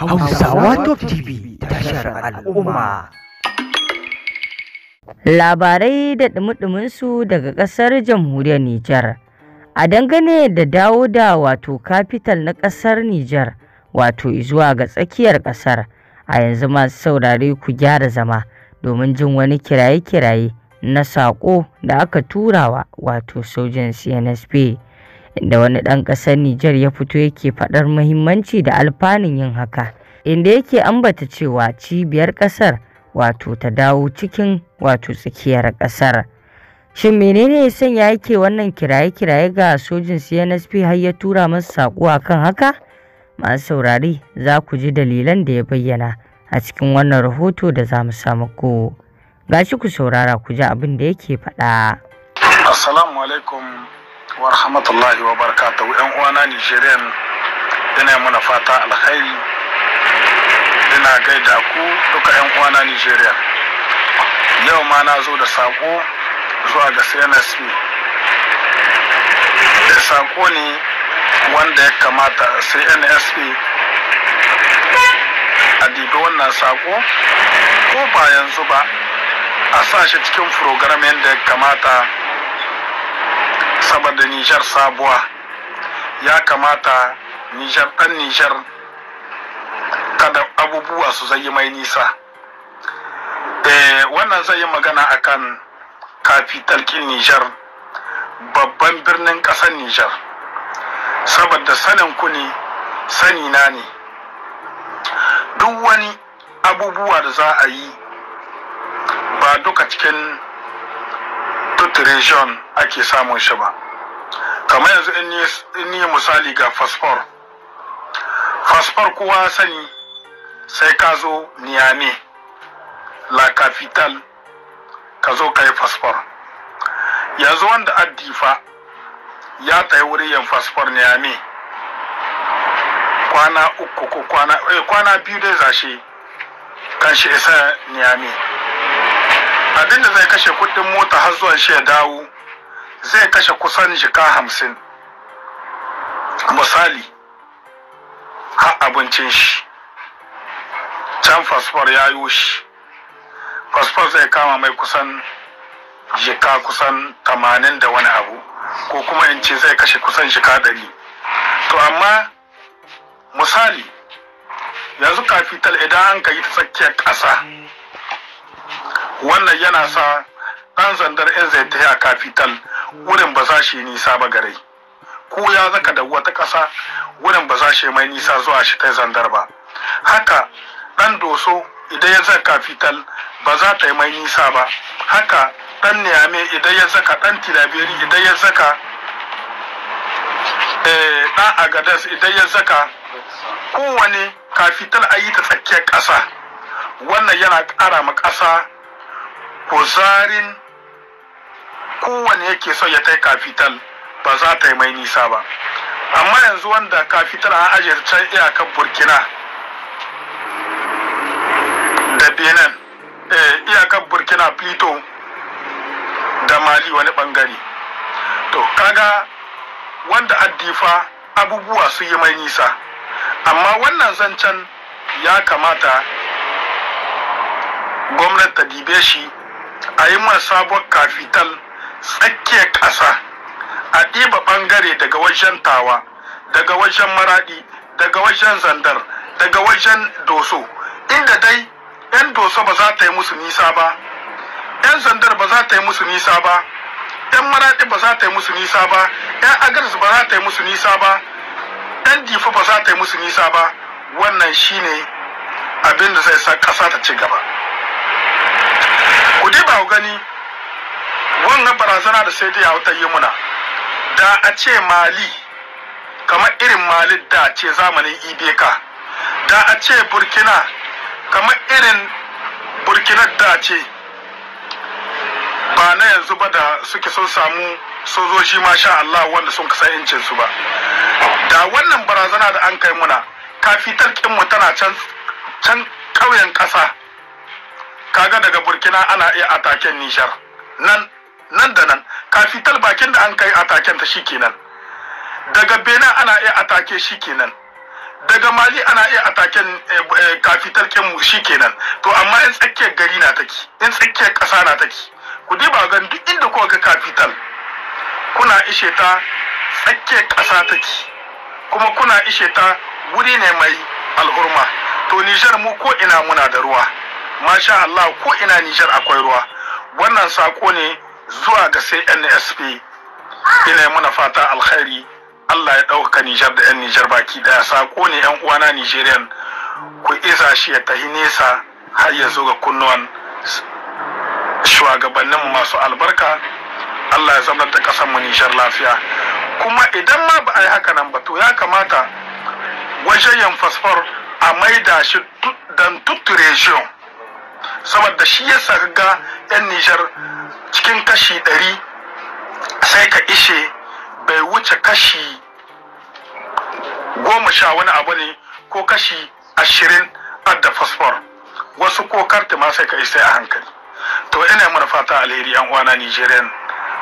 Hausawa Top TV tashar al'umma. Labarai da ɗumi su daga ƙasar jamhuriyar Nijar. A dangane da dawo da wato kafital na ƙasar Nijar wato zuwa ga tsakiyar ƙasar a yanzu masu saurare ku gyara zama domin jin wani kiraye-kiraye na saƙo da aka turawa wato sojin CNSP. inda wani ɗan ƙasar Nijar ya fito yake faɗar muhimmanci da alfanun yin haka, inda yake ambata cewa cibiyar ƙasar wato ta dawo cikin wato tsakiyar ƙasar. Shin menene ya sanya yake wannan kiraye-kiraye ga sojin CNSP har ya tura masa saƙo a kan haka? Masu saurari za ku ji dalilan da ya bayyana a cikin wannan rahoto da za mu samu ko. Gashi ku saurara ku ji abin da yake faɗa. Assalamu alaikum wa wa barkata yan uwana nigerian ina mana fata alkhairi ina gaida ku duka yan uwana nigerian yau ma na zo da sako zuwa ga cnsp da sako ne wanda ya kamata cnsp a dibi wannan sako ko ba yanzu ba a sa shi cikin program yadda ya kamata saboda nijar sabuwa ya kamata nijar ɗan nijar kada abubuwa su zai mai nisa eh, wannan zai yi magana akan kafitalkin nijar babban birnin ƙasar nijar saboda sanin ku ne sani na ne duk wani abubuwa da za a yi ba duka cikin kowace ake samun shi ba kamar yanzu in yi misali ga fasfor fasfor kowa sani sai ka zo niyame la capital ka zo ka yi fasfor yanzu wanda addifa ya ta yi wuri yin fasfor niyame kwana uku eh, kwana biyu dai zashe kan shi isa niyame abinda zai kashe kudin mota har zuwan shi ya dawo zai kashe kusan jika hamsin misali ha abincin shi can fasfar ya yi shi fasfar zai kama mai kusan jika kusan tamanin da wani abu ko kuma in ce zai kashe kusan jika ɗari to amma misali yanzu kafital idan an ka yi ta tsakiyar ƙasa wannan yana sa ɗan sandar in zai ta a kafital wurin ba za shi nisa ba gare ko ya zaka da wata ƙasa wurin ba za shi mai nisa zuwa shi ta zandar ba haka ɗan doso idan ya zaka kafital ba za ta yi mai nisa ba haka ɗan niyame idan ya zaka ɗan tilaberi idan ya zaka eh, ɗan agadas idan ya zaka kowane kafital a yi ta tsakiyar ƙasa wannan yana ƙara ma ƙasa kuzarin kowane yake so ya tai kafital ba za ta yi mai nisa ba amma yanzu wanda kafital an ajiye can iyakar burkina da benin eh, iyakar burkina plito da mali wani bangare to kaga wanda addifa abubuwa su yi mai nisa amma wannan zancen ya kamata gwamnati ta dibe shi a yi ma sabon kafital tsakiyar ƙasa a ɗiba ɓangare daga wajen tawa daga wajen maraɗi daga wajen zandar daga wajen doso inda dai 'yan doso ba za ta yi musu nisa ba 'yan zandar ba za ta yi musu nisa ba 'yan maraɗi ba za ta yi musu nisa ba 'yan agarsu ba za ta yi musu nisa ba 'yan difa ba za ta yi musu nisa ba wannan shine abin da zai sa ƙasa ta ci gaba ku dai ba gani wannan barazana da sai dai a wata yi muna da a ce mali kamar irin mali da ce zamanin ibeka da a ce burkina kamar irin burkina da ce ba na yanzu ba da suke sun samu sojoji masha Allah wanda sun kasa yancinsu ba da wannan barazana da an kai muna kafitar kinmu tana can ƙauyen ƙasa kaga daga burkina ana iya ataken nijar nan nan da nan kafital bakin da an kai ataken ta shikenan daga benin ana iya atake shikenan daga mali ana iya ataken eh, eh, kafital kinmu shikenan to amma in tsakiyar gari na take in tsakiyar ƙasa na take ku dai ba gan duk inda kuka ga kafital kuna ishe ta tsakiyar ƙasa take kuma kuna ishe ta wuri ne mai alhurma to nijar mu ko ina muna da ruwa masha Allah ko ina Nijar akwai ruwa wannan sako ne zuwa ga sai NSP ina muna fata alkhairi Allah ya ɗauka Nijar da 'yan Nijar baki daya sako ne 'yan uwana Nijeriyan ku isa shi ya tahi nesa har ya zo ga kunnuwan shugabanninmu masu albarka Allah ya zama da ƙasarmu Nijar lafiya kuma idan ma ba a yi haka nan ba to ya kamata wajen yan fasfor a maida shi dan tutu region saboda shi yasa ga yan Nijar cikin kashi ɗari sai ka ishe bai wuce kashi goma sha wani abu ne ko kashi ashirin a da fosfor wasu ko karti ma sai ka ishe a hankali to ina mana fata alheri yan uwana Nijeriyan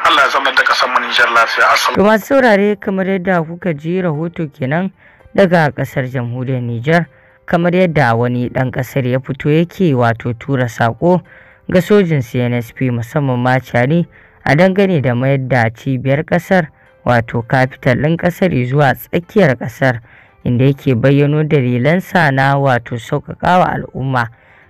Allah ya zama da kasar mu Nijar lafiya asali masu saurare kamar yadda kuka ji rahoto kenan daga kasar jamhuriyar Nijar kamar yadda wani ɗan ƙasar ya fito yake wato tura saƙo ga sojin CNSP musamman ma ne a dangane da mayar da cibiyar ƙasar wato kafitalin ɗin ƙasar zuwa tsakiyar ƙasar inda yake bayyano dalilansa na wato sauƙaƙawa al'umma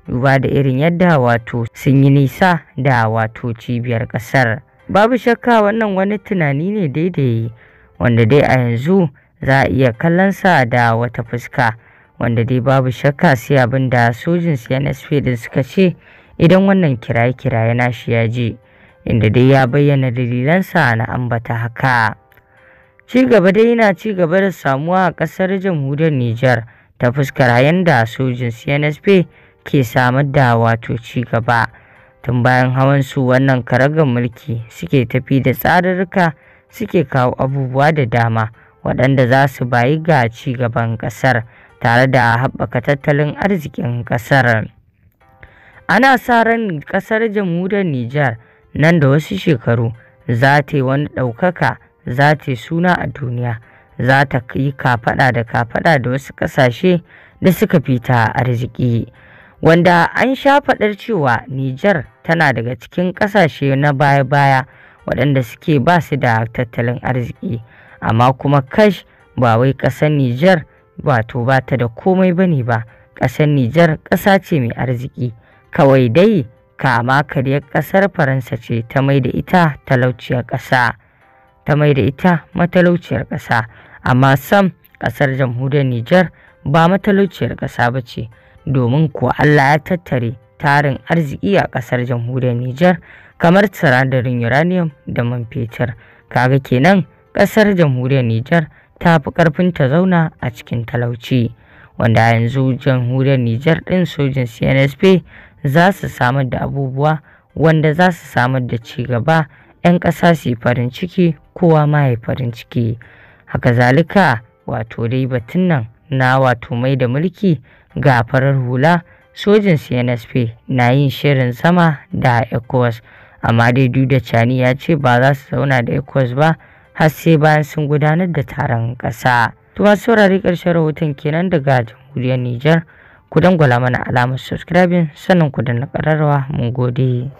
duba da irin yadda wato sun yi nisa da wato cibiyar ƙasar. Babu shakka wannan wani tunani ne daidai wanda dai a yanzu za a iya kallonsa da wata fuska. wanda dai babu shakka sai abin da sojin CNSP din suka ce idan wannan kiraye-kiraye shi ya je inda dai ya bayyana dalilansa na ambata haka. Ci gaba dai yana ci gaba da samuwa a ƙasar jamhuriyar Nijar ta fuskar hayan da sojin CNSP ke samar da wato ci gaba. Tun bayan hawan su wannan karagar mulki suke tafi da tsarurruka suke kawo abubuwa da dama waɗanda za su bayi ga ci gaban ƙasar. tare da haɓaka tattalin arzikin ƙasar. Ana sa ran ƙasar jamhuriyar Nijar nan da wasu shekaru za ta yi wani ɗaukaka za ta yi suna a duniya za ta yi kafaɗa da kafaɗa da wasu ƙasashe da suka fita arziki. Wanda an sha faɗar cewa Nijar tana daga cikin ƙasashe na baya-baya waɗanda suke ba su da tattalin arziki, amma kuma kash ba wai ƙasar Nijar. wato ba ta da komai ba ne ba ƙasar Nijar ƙasa ce mai arziki kawai dai kama karyar ƙasar Faransa ce ta mai da ita talauciyar ƙasa ta mai da ita matalauciyar ƙasa amma sam ƙasar jamhuriyar Nijar ba matalauciyar ƙasa ba ce domin ko Allah ya tattare tarin arziki a ƙasar jamhuriyar Nijar kamar sinadarin uranium da man fetur kaga kenan ƙasar jamhuriyar Nijar ta fi ƙarfin ta zauna a cikin talauci wanda yanzu jamhuriyar Nijar ɗin sojin CNSP za su samar da abubuwa wanda za su samar da ci gaba 'yan ƙasa su farin ciki kowa ma ya farin ciki haka zalika wato dai batun nan na wato mai da mulki ga farar hula sojin CNSP na yin shirin sama da ECOWAS amma dai duk da cani ya ce ba za su zauna da ECOWAS ba har sai bayan sun gudanar da taron ƙasa. To saurari ƙarshen rahoton kenan daga jamhuriyar Nijar. Ku dangwala mana alamar subscribing sannan ku danna ƙararrawa mun gode.